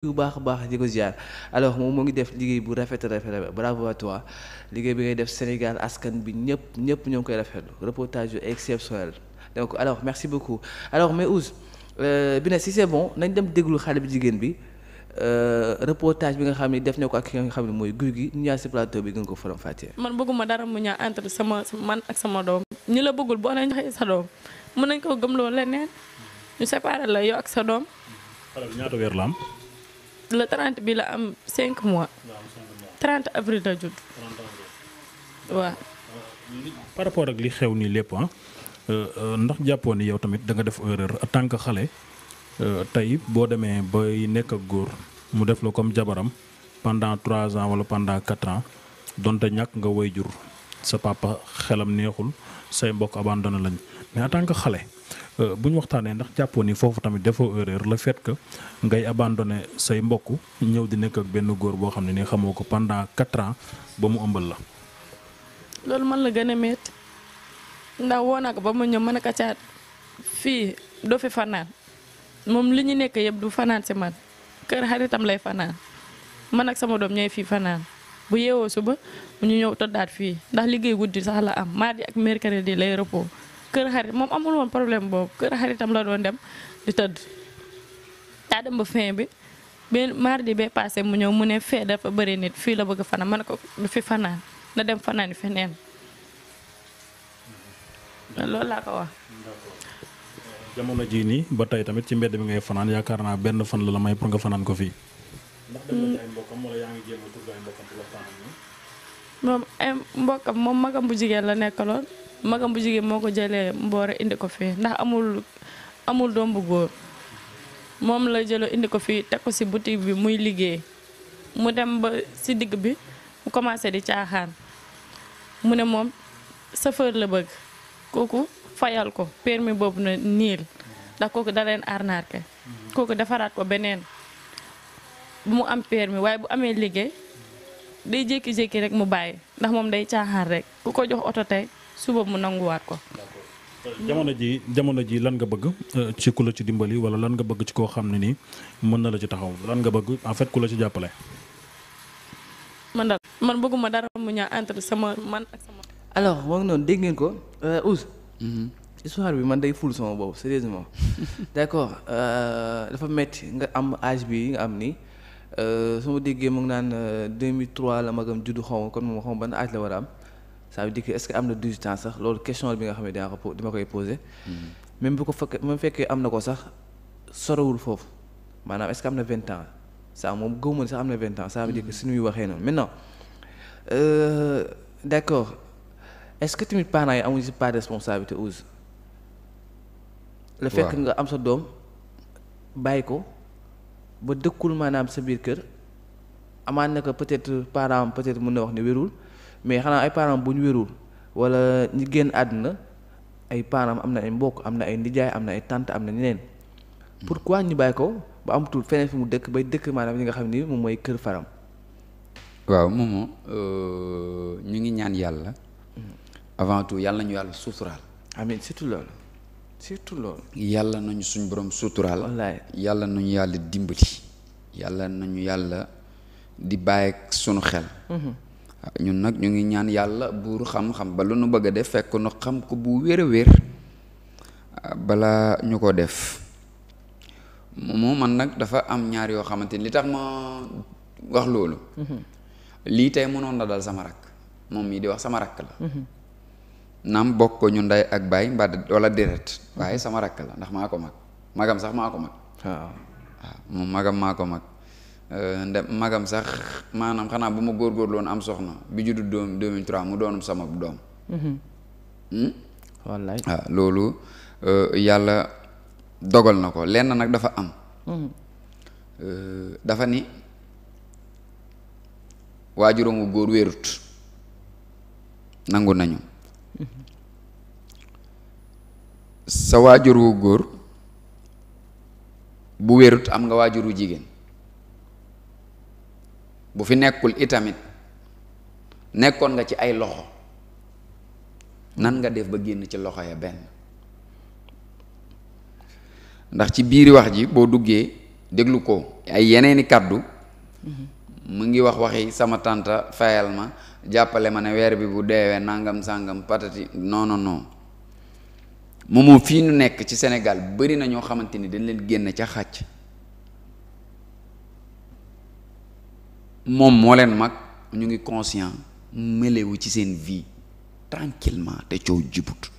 bu baax a baax di ko alors moom moo ngi def liggéey bu rafet rafet bravo à toi liggéey bi ngay def Sénégal askan bi ñëpp ñëpp ñoo ngi koy rafetlu reportage yu exceptionnel donc alors merci beaucoup alors mais Ouz euh, bi si c'est nañ dem déglu xale bi jigéen bi euh, reportage bi nga xam ne def na ko ak ki nga xam ne mooy guy gi ñu ñaar si bi gën ko faram fàccee. man bëgguma dara mu ñaar entre sama man ak sama doom ñu la bëggul boo nee ñu sa doom mën nañ ko gëmloo leneen ñu séparé la yow ak sa doom. ñaata weer la le 30 bi la am cinq mois. 30 avril la judd. Euh, rapport ak li xew nii lépp ah, euh, euh, ndax jàppoon ni yow tamit da nga def erreur en tant que xale tey boo demee bay nekk ak góor mu def la comme jabaram pendant 3 ans wala pendant 4 ans donte ñàkk nga way jur sa papa xelam neexul say mbokk abandonné lañ mais en tant que xale. Euh, bu waxtaanee ndax jàppoo ni foofu tamit defoo erreur la fait que ngay abandonné say mbokk ñëw di nekk ak benn góor boo xam ne ni xamoo ko pendant quatre ba mu ëmbal la. loolu man la gën a métti ndax woo nag ko ba mu ñëw mën a ko caat fii doo fi fanaan moom li ñu nekk yëpp du fanaan si man kër xaritam lay fanaan man ak sama doom ñooy fi fanaan. bu yeewoo suba ñu ñëw toddaat fii ndax liggéey guddi sax la am mardi ak mercredi lay repos kër xarit moom amul woon problème boobu kër xaritam la doon dem di tëdd daa dem ba fin bi ba mardi bee passé mu ñëw mu ne fee dafa bëri nit fii la bëgg fanaan ma ne ko du fi fanaan na dem fanaan feneen loolu laa ko wax. jamono jii nii ba ci mbedd bi ngay benn fan la la fanaan ko fii. moom ay eh, mbokkam moom magam bu jigéen la nekkaloon magam bu jigéen moo ko jëlee mboore indi ko fii ndax amul amul doom bu góor moom la jëloo indi ko fii teg ko si boutique bi muy liggéey mu dem ba si digg bi mu commencé di caaxaan mu ne moom chauffeur la bëgg kooku fayal ko permis boobu na niil ndax kooku da leen arnaqué mhm. kooku defaraat ko beneen bu mu am permis waaye bu amee liggéey day jékki-jékki rek mu bàyyi ndax moom day caaxaar rek ku ko jox oto tey suba mu nanguwaat ko. jamono ji jamono ji lan nga bëgg euh, ci ku la ci dimbali wala lan nga bëgg ci koo xam ne nii mën na la ci taxaw lan nga bëgg en fait ku la ci jàppale. man daal man bëgguma dara mu ñaa entre sama man ak sama. alors noonu dégg ngeen ko euh, Ousse. Mm-hmm. histoire bi man day ful sama boobu sérieusement. d'accord euh, dafa metti nga am âge bi nga am nii. Euh, su ma déggee mu ngi naan 2003 euh, la magam juddu xaw ma kon moom xaw ba ban âge la war a am ça veut dire que est-ce que am na 18 ans sax loolu question bi nga xam ne dinaa ko dima koy posé. Mm-hmm. même bu ko fekkee même fekkee am na ko sax sorowul foofu maanaam am na 20 ans ça moom gëw ma sax am na 20 ans ça veut dire que mm-hmm. suñuy waxee noonu maintenant euh, d'accord est-ce que tamit parents yi amuñu si pas de responsabilité Ousse. le fekk nga am sa doom bàyyi ko. ba dëkkul maanaam sa biir kër amaan na ko peut-être parent peut-être mën na wax ne wérul mais xanaa ay parent bu ñu wérul wala ñi génn àdduna ay parent am na ay mbokk am na ay nijaay am na ay tante am na ñeneen hmm. pour ñu bàyyi ko ba amatul feneen fi mu dëkk bay dëkk maanaam yi nga xam ni moom mooy kër faram. waaw moomoo euh, ñu ngi ñaan yàlla. Hmm. avant tout yàlla ñu yàlla suturaal. amiin surtout loolu. surtout loolu. yàlla nañu suñ borom suturaal. wallaay yàlla nañu yàlla dimbali. yàlla nañu yàlla di bàyyi ak sunu xel. Mhm. Ah, ñun nag ñu ngi ñaan yàlla buur xam-xam ba lu nu bëgg a def fekk nu xam ko bu wér a wér ah, balaa ñu ko def moo man nag dafa am ñaar yoo xamante ni li tax ma wax loolu. Mhm. lii tey mënoon na dal sama rakk moom mii di wax sama rakk la. Mhm. naam bokk ko ñu ndey ak baay mbaa wala déret waaye sama rakk la ndax maa ko mag magam sax maa ko mag waaw ah, magam maa ko mag euh, nde magam sax maanaam xanaa bu ma góorgóorlu am soxna bi juddu doom 2003 mu doonum sama doom mhm. hmm? wallaay ah, loolu euh, yàlla dogal na ko lenn nag dafa am mhm. euh, dafa ni waajuróomu góor wérut nangu nañu sa waajur wu góor bu wérut am nga waajur wu jigéen bu fi nekkul itamit nekkoon nga ci ay loxo nan nga def ba génn ci loxo ya benn ndax ci biiri wax ji boo duggee déglu ko ay yeneeni kàddu mhm. mu ngi wax waxi sama tànta fayal ma jàppale ma ne weer bi bu deewee nangam sàngam patati non non non moomoo fi nu nekk ci Sénégal bari na ñoo xamante ni dañ leen génn ca xàcc moom moo leen mag ñu ngi conscient melewu ci seen vie tranquillement te coow jibut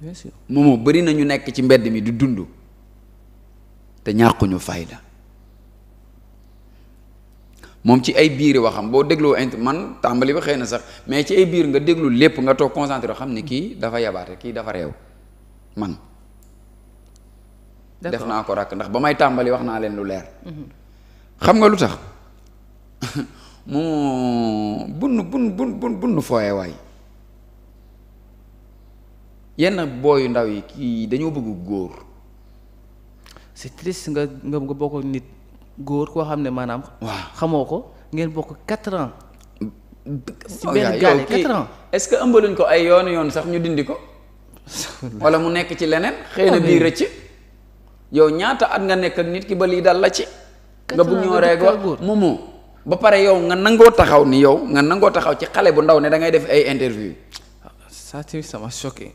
bien sûr moomoo bari na ñu nekk ci mbedd mi du dund te ñàkkuñu fayda moom ci ay biir waxam boo dégloo int man tàmbali ba xëy na sax mais ci ay biir nga déglu lépp nga toog concentré xam ni kii dafa yabaate kii dafa réew man. def naa ko rakk ndax ba may tàmbali wax naa leen lu leer. Mhm. xam nga lu tax mu bun bun bun bun bun fooyee booyu ndaw yi kii dañoo bëgg góor. c'est triste nga nga bokk nit. góor koo xam ne maanaam. waaw xamoo ko ngeen bokk quatre ans. si oh, benn gaale quatre ans est-ce que ëmbaluñ ko ay yoonu yoon sax ñu dindi ko. wala mu nekk ci leneen. xëy na oh, bii rëcc. yow ñaata at nga nekk nit ki ba lii dal la ci. nga bu ñoo reeg mu moomoo ba pare yow nga nangoo taxaw ni yow nga nangoo taxaw ci xale bu ndaw ne da ngay def ay interview. ça sama choqué.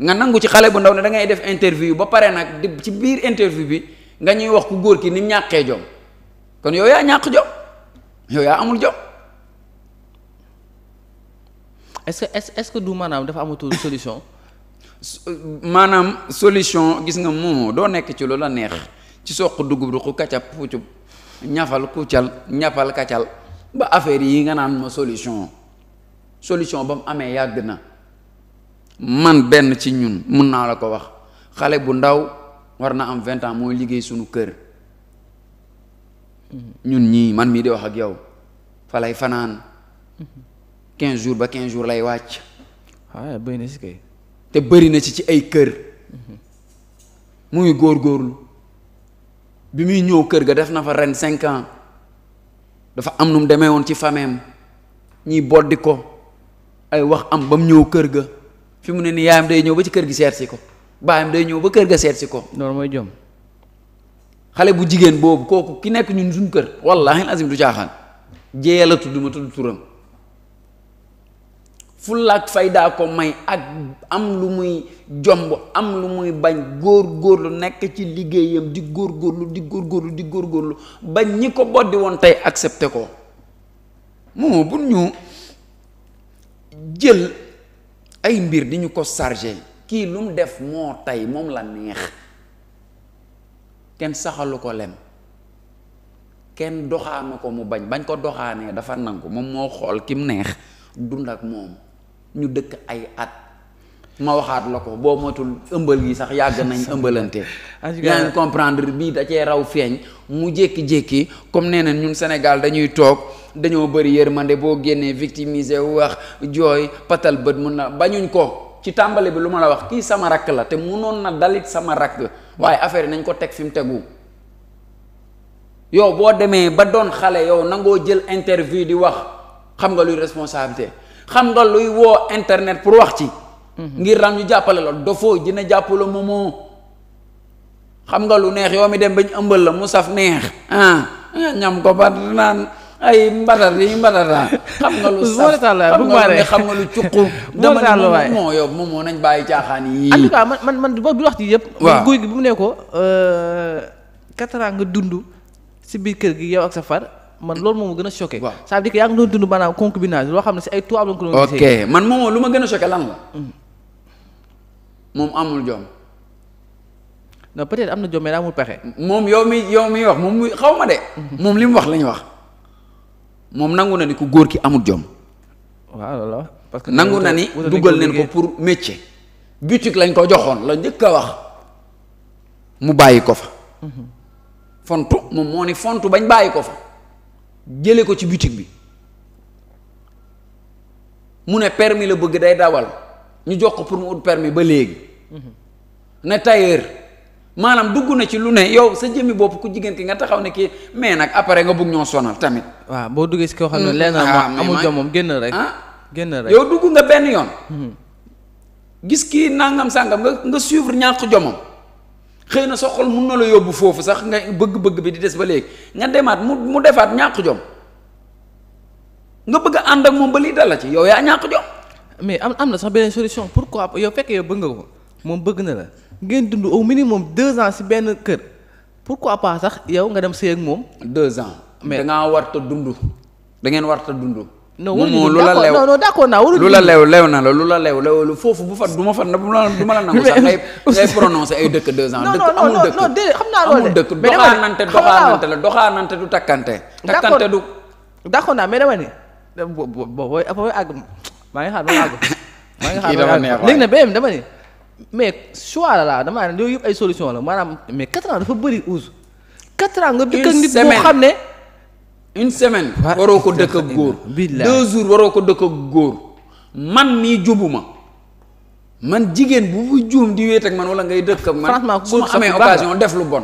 nga nangu ci xale bu ndaw ne da ngay def interview ba pare nag ci biir interview bi. nga ñuy wax ku góor ki ni mu ñàkkee jom kon yow yaa ñàkk jom yow yaa amul jom. est-ce que est-ce que du maanaam dafa amatul solution. maanaam solution gis nga moomoo doo nekk ci lu la neex ci soq dugub ruq kacap pucub ñafal kuccal ñafal kaccal ba affaire yi nga naan ma solution solution ba mu amee yàgg na man benn ci ñun mun naa la ko wax xale bu ndaw. war na am vingt ans mooy liggéey sunu kër ñun ñii man mii de wax ak yow fa lay fanaan quinze jours ba quinze jours lay wàcc waaw ah, bëri na ci te bëri na ci ci ay kër mu ngi góorgóorlu bi muy ñëw kër ga def na fa ren cinq ans dafa am nu mu demee woon ci fameem ñiy boddi ko ay wax am ba mu ñëw kër ga fi mu ne ni yaayam day ñëw ba ci kër gi seet si ko baayam day ñëw ba kër ga seet si ko. noonu mooy jom. xale bu jigéen boobu kooku ki nekk ñun suñu kër wallaahi azim du caaxaan jéeya la tudd ma tudd turam fullaak faydaa ko may ak am lu muy jomb am lu muy bañ góor-góorlu nekk ci liggéeyam di góor-góorlu di góor-góorlu di ba ñi ko boddi woon tey accepté ko moom bu ñu jël ay mbir di ñu ko chargé. kii lum def moo tey moom la neex kenn saxalu ko lem kenn doxaana ko mu bañ bañ ko doxaanee dafa nangu moom moo xool ki mu neex dund ak moom ñu dëkk ay at ma waxaat la ko boo moytul ëmbal gi sax yàgg nañ ëmbalante yaa ngi comprendre bii da cee raw feeñ mu jékki-jékki comme nee na ñun Sénégal dañuy toog dañoo bëri yërmande boo génnee victimisé wax jooy patal bët mun na bañuñ ko ci tàmbali bi lu ma la wax kii sama rakk la te munoon na dalit sama rakk waaye affaire yi nañ ko teg fi mu tegu yow boo demee ba doon xale yow nangoo jël interview di wax xam nga luy responsabilité xam nga luy woo internet pour wax ci. Mhm. ngir ram ñu jàppale la dofoo dina jàppale moomoo xam nga lu neex yow mi dem bañ ëmbal la mu saf neex ah, ah ñam ko ba naan. ay mbarar yi mbarara xam nga lu saf xam nga lu cuqu dama ne yow moom moo nañ bàyyi caaxaan yi en tout cas man man man bi waaw guy bu mu ko euh, quatre ans dund si biir kër gi yow ak sa far man loolu moom ma gën a choqué ça veut dire dund maanaam concubinage loo xam ne si ay tubaab la lu ma gën a choqué mm. amul jom non peut am na jom pexe moom yow mi yow mi xaw ma de mm-hmm. moom li mu wax lañu wax moom nangu na ni ku góor ki amul jom. waaw parce que nangu na ni dugal nañ ko pour métier. boutique lañ ko joxoon la njëkk a wax mu bàyyi ko fa. Mhm. font moom moo ni fontu bañ bàyyi ko fa jële ko ci boutique bi mu ne permis la bëgg day dawal ñu jox ko pour mu ut permi ba léegi. Mhm. ne tailleur. maanaam dugg na ci lu ne yow sa jëmmi bopp ku jigéen ki nga taxaw ne kii mais nag après nga bugg ñoo sonal tamit. waa boo duggee si koo xam ne hmm. lenn ah, amul jom moom génn rek. Ah? génn rek yow dugg nga benn yoon. Hmm. gis kii nangam sàngam nga nga suivre ñàkk xëy na sa xol mun la yóbbu foofu sax nga bëgg-bëgg bi di des ba léegi nga demaat mu mu defaat ñàkk jom nga bëgg ànd ak moom ba lii dal la ci yow yaa ñàkk jom. mais am am na sax beneen solution pour quoi yow fekk yow bëgg nga ko moom bëgg na la. ngeen dund au minimum deux ans si benn kër pourquoi pas sax yow nga dem sëy ak moom. deux ans. mais da ngaa warta dund. da ngeen warta dund. non waruñu lu la lew non non lu la lew lew na la lu la lew lew foofu bu fa du ma fa du ma la nangu sax ngay ngay prononcé ay dëkk deux ans. dëkk amul dëkk non non non xam naa loolu du takkante. takkante du. d'accord naa mais dama ni. bo bo booy àgg maa ngi xaar ba àgg. maa ngi xaar ba àgg léegi nag beneen dama ni. mais choix la laa damaa ne yooyu yëpp ay solution la maanaam mais quatre dafa bëri uus quatre ans nga dëkk ak xam ne une semaine waroo ko dëkk ak góor deux waroo ko dëkk ak góor man mii jubuma man jigéen bu bu juum di wéet ak man wala ngay dëkk ak man franchement ku góor su ma amee def lu bon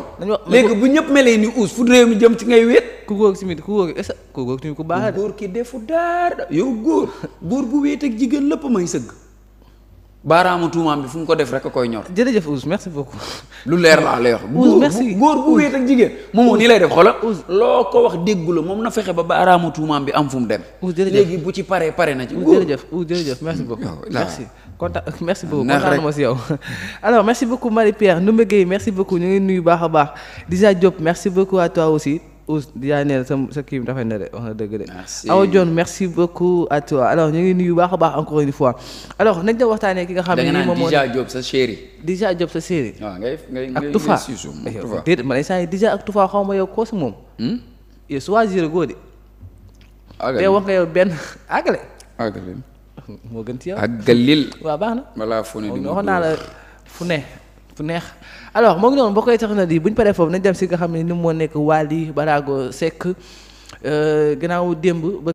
léegi bu ñëpp melee ni uus fu réew jëm ci ngay wéet ku góor si mit ku góor est-ce ku góor góor yow góor góor bu wéet ak jigéen lépp may sëgg baaraamu tuumaam bi fu mu ko def rek a koy ñor. jërëjëf Ousse merci beaucoup. lu leer laa lay wax. Ousse merci góor bu wéet ak jigéen. moom nii lay def xoolal. loo ko wax déggula moom na fexe ba baaraamu tuumaam bi am fu mu dem. Ousse jërëjëf léegi bu ci paree pare na ci. jërëjëf Ousse jërëjëf merci beaucoup. merci kontaan merci beaucoup kontaan na moo si yow. alors merci beaucoup Marie Pierre Ndoumbé Guèye merci beaucoup ñu ngi nuyu baax a baax Dija Diop merci beaucoup à toi aussi. Ous yaa neen sa sa kii bi rafet na de wax na dëgg de. Awa Dione merci beaucoup à toi alors ñu ngi nuyu baax a baax encore une fois nañ la waxtaanee ki nga xam nii moom moo. da nga naan Dija a sa chéri. Dija Diop sa chéri. waaw a ngay ngay Toufa eh, déedéet hmm? goo de. te wax nga yow benn àggale. àggale moo gën ci yow. àggalil. waaw baax na. wala fu ne di naa la fu fu neex alors moo ngi noonu boo koy tax na di bu ñu paree foofu nañ dem si nga xam ne ni moo nekk Wally Barago Seck euh, gannaaw démb.